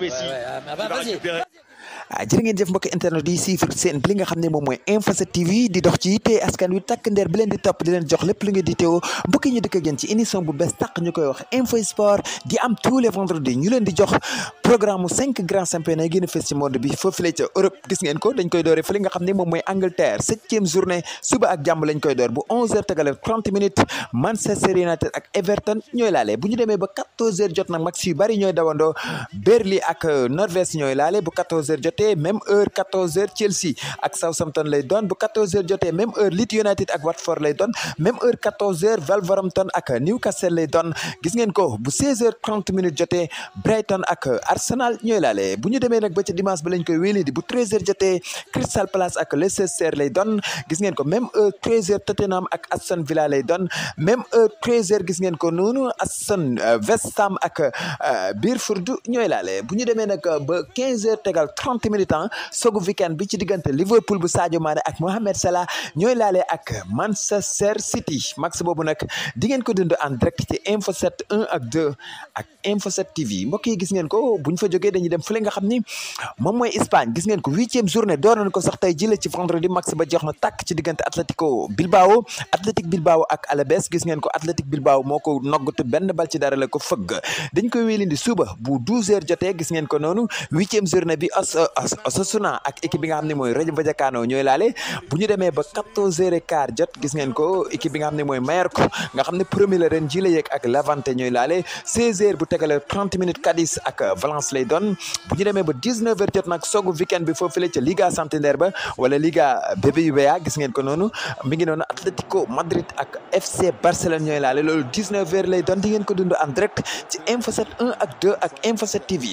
Messi ouais, ouais, ah, bah, bah, va récupérer. Ah, jërë ngeen jëf mbokk internet yi suivre seen li xam ne moom mooy Info 7 TV di dox ci yitte askan wi takk ndeer bi leen di topp di leen jox lépp lu ngeen di teewoo mbokk ñu dëkk ngeen ci émission bu bees tàq ñu koy wax Info Sport di am tous les vendredis ñu leen di jox programme cinq grands championnats yi gën a fees ci Europe gis ngeen ko dañ koy doore fa xam ne moom mooy Angleterre septième journée suba ak jàmm lañ koy door bu 11 jotee même heure 14h Chelsea ak Southampton lay doon bu 14h jotee heure Leeds United ak Watford lay doon même heure 14h ak Newcastle lay doon gis ngeen ko bu 16 h minutes jotee Brighton ak Arsenal ñooy laale bu ñu demee nag ba ci dimanche ba lañ koy wéeli di bu 13h jotee Crystal Palace ak Leicester lay doon gis ngeen ko même heure 13h Tottenham ak Aston lay doon même heure 13 gis ngeen ko noonu Aston West Ham ak euh, Brentford ñooy laale bu ñu ba 15h trente minutes temps sogu weekend bi ci diggante Liverpool bu Sadio Mané ak Mohamed Salah ñooy laalee ak Manchester City max boobu nag di ngeen ko dund en direct ci Info 7 ak 2 TV mbokk yi gis ngeen ko bu ñu fa jógee dañuy dem fële nga xam ni moom mooy Espagne gis ngeen ko huitième journée door nañ ko sax tey jile ci vendredi max ba jeex na tàkk ci diggante Atlético Bilbao Athletic Bilbao ak Alaves gis ngeen ko Athletic Bilbao moo ko noggatu benn bal ko fëgg dañ koy wéelindi suba bu douze heures ko noonu huitième journée bi Osasuna ak équipe bi nga xam ne mooy Rayo Vallecano ñooy laale bu ñu demee ba quatorze heures et quart jot gis ngeen ko équipe bi nga xam ne mooy Mallorca nga xam ne premier la ren ji la ak Levante ñooy laale seize tegale minutes Cadiz ak Valence lay doon bu demee ba dix jot nag soogu weekend bi foofu la Liga Santander wala Liga BBVA gis ngeen ko noonu mi ngi noonu Atlético Madrid ak FC Barcelone ñooy laale loolu dix neuf heures lay doon di ngeen ko dund en direct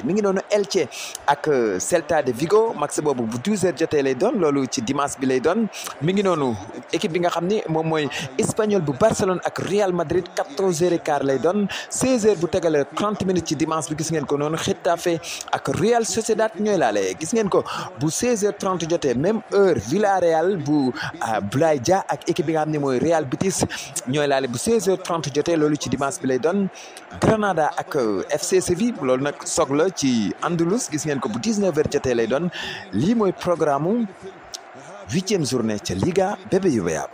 mi ngi noonu de Vigo match boobu bu 12h jotee lay doon loolu ci dimanche bi lay doon mi ngi noonu équipe bi nga xam ni moom mooy Espagnol bu Barcelone ak Real Madrid 14h15 lay doon 16 bu tegalee 30 minutes ci dimanche bi gis ngeen ko noonu Getafe ak Real Sociedad ñooy laale gis ngeen ko bu 16h30 jotee même heure Villarreal bu euh, Boulaye Dia ak équipe bi nga xam ne mooy Real Betis ñooy laale bu 16h30 jotee ci dimanche bi lay doon Granada ak euh, FC Séville loolu lay doon lii mooy programme huitième journée ca Liga Bébé Yubayab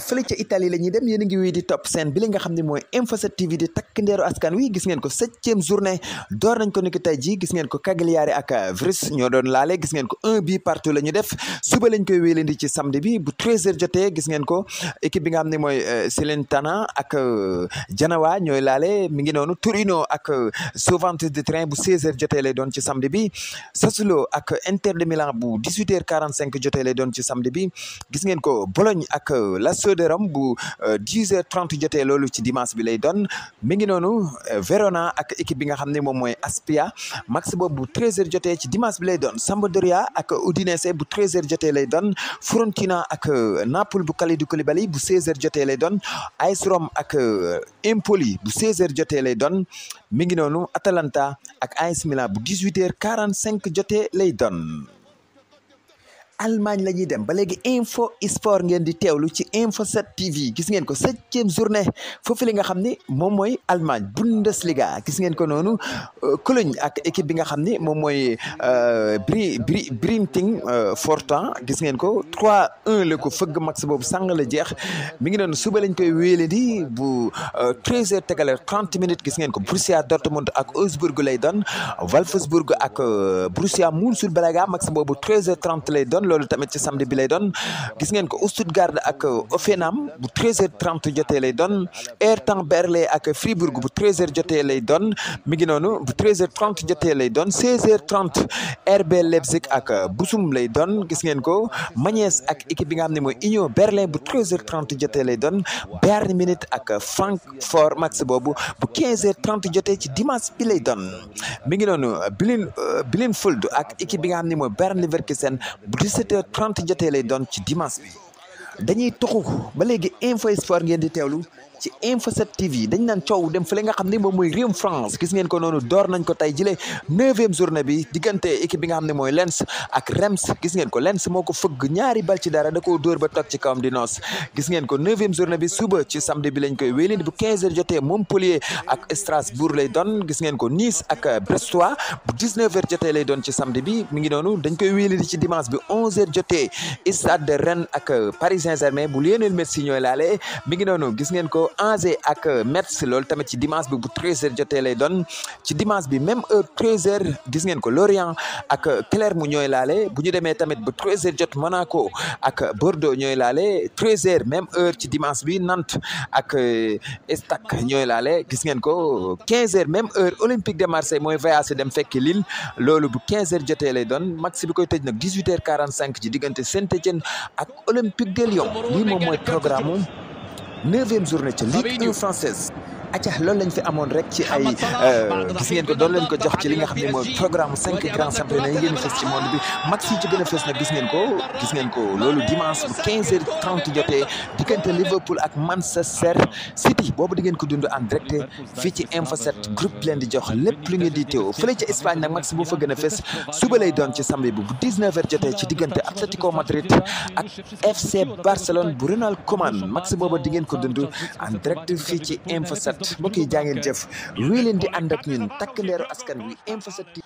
fële ca Italie la ñuy dem yéen a ngi wéy di topp seen bi li nga xam ne mooy Info 7 takk ndeeru askan wi gis ngeen ko septième journée door nañ ko niki tey gis ngeen ko Cagliari ak euh, Vryss ñoo doon laale gis ngeen ko un bi partout la ñu def suba lañ koy wéyalendi ci samedi bi bu 13h jotee gis ngeen ko équipe bi nga xam ne mooy euh, Salernitana ak euh, Genoa ñooy laale mi ngi noonu Torino ak Juventus de Turin bu 16h jotee lay doon ci samedi bi Sassuolo ak Inter de Milan bu 18h45 jotee lay doon ci samedi bi gis ngeen ko Söderam bu 10 h jote jotee loolu ci dimanche bi lay doon mi ngi noonu euh, Verona ak équipe bi nga xam ne moom mooy Aspia max boobu bu 13h jotee ci dimanche bi lay doon Sampdoria ak Udinese bu 13h jotee lay doon Fiorentina ak euh, Naples bu Kalidou Koulibaly bu 16h jotee lay doon AS Rome ak euh, Empoli bu 16h jotee lay doon mi ngi noonu Atalanta ak AS Milan bu 18h45 jotee lay don Allemagne la ñuy dem ba léegi info sport ngeen di teewlu ci info 7 TV gis ngeen ko septième journée foofu li nga xam ni moom mooy Allemagne Bundesliga gis ngeen ko noonu euh, Cologne ak équipe bi nga xam ni moom mooy euh, Bri Bri Brinting euh, Fortan gis ngeen ko 3-1 la ko fëgg max boobu sàng le jeex mi ngi doon suba lañ koy wéele di bu 13h tegale 30 minutes gis ngeen ko Borussia Dortmund ak Augsburg lay doon Wolfsburg ak Borussia Mönchengladbach max boobu 13 h loolu tamit bi lay doon gis ngeen ko Stuttgart ak Hoffenheim bu 13h30 jotee lay doon Hertha Berlin ak Fribourg bu 13h jotee lay doon mi ngi noonu bu 13h30 lay doon 16h30 RB Leipzig ak Bochum lay doon gis ngeen ko Mainz ak équipe bi nga xam ne mooy Union Berlin bu 13h30 lay doon Bayern Munich ak Francfort max boobu bu 15h30 ci dimanche bi lay doon mi ngi noonu Bielefeld ak équipe bi nga xam ne mooy Bayer Leverkusen 17 trente 30 lay doon ci dimanche bi dañuy toxu ba léegi info espoir ngeen di teewlu ci Info 7 TV dañ naan coow dem fële nga xam ne moom mooy réewum France gis ngeen ko noonu door nañ ko tey jile neuvième journée bi diggante équipe nga xam ne mooy Lens ak Reims gis ngeen ko Lens moo fëgg ñaari bal ci dara da koo ba toog ci kawam di noos gis ngeen ko neuvième journée bi suba ci samedi bi lañ koy wéyleen bu 15 heures jotee Montpellier ak Strasbourg lay doon gis ngeen ko Nice ak Brestois bu 19 heures jotee lay doon ci samedi Angers ak Metz loolu tamit ci dimanche bi bu 13h jotee lay doon ci dimanche bi même heure 13 gis ngeen ko Lorient ak Clermont mu ñooy laale bu ñu demee tamit bu 13h jot Monaco ak Bordeaux ñooy laale 13h même heure ci dimanche bi nant ak eh, Estac ñooy laale gis ngeen ko 15h même heure Olympique de Marseille mooy voyage dem fekk Lille loolu bu 15h jotee lay doon max bi koy tëj nag 18h45 ci diggante Saint-Étienne ak Olympique de Lyon lii moom mooy programme neuvième journée ca Ligue 1 française acca loolu lañ fi amoon rek ci ay euh, gis ngeen ko doon leen ko jox ci li nga xam ne mooy programme cinq grands championnats yi ngeen fës ci monde bi max yi ci gën fës nag gis ngeen ko gis ngeen ko loolu dimanche bu quinze heures trente jotee diggante Liverpool ak Manchester City boobu di ngeen ko dund en direct fii ci Info 7 groupe leen di jox lépp lu ngeen di teew fële ca Espagne nag max bu fa gën a fës suba lay doon ci samedi bi bu dix jotee ci diggante Atlético Madrid ak FC Barcelone bu Ronald Koeman boobu di ngeen ko dund en direct fii mbokk yi jaa jëf luy leen di ànd ak ñun takk ndeeru askan wi info 7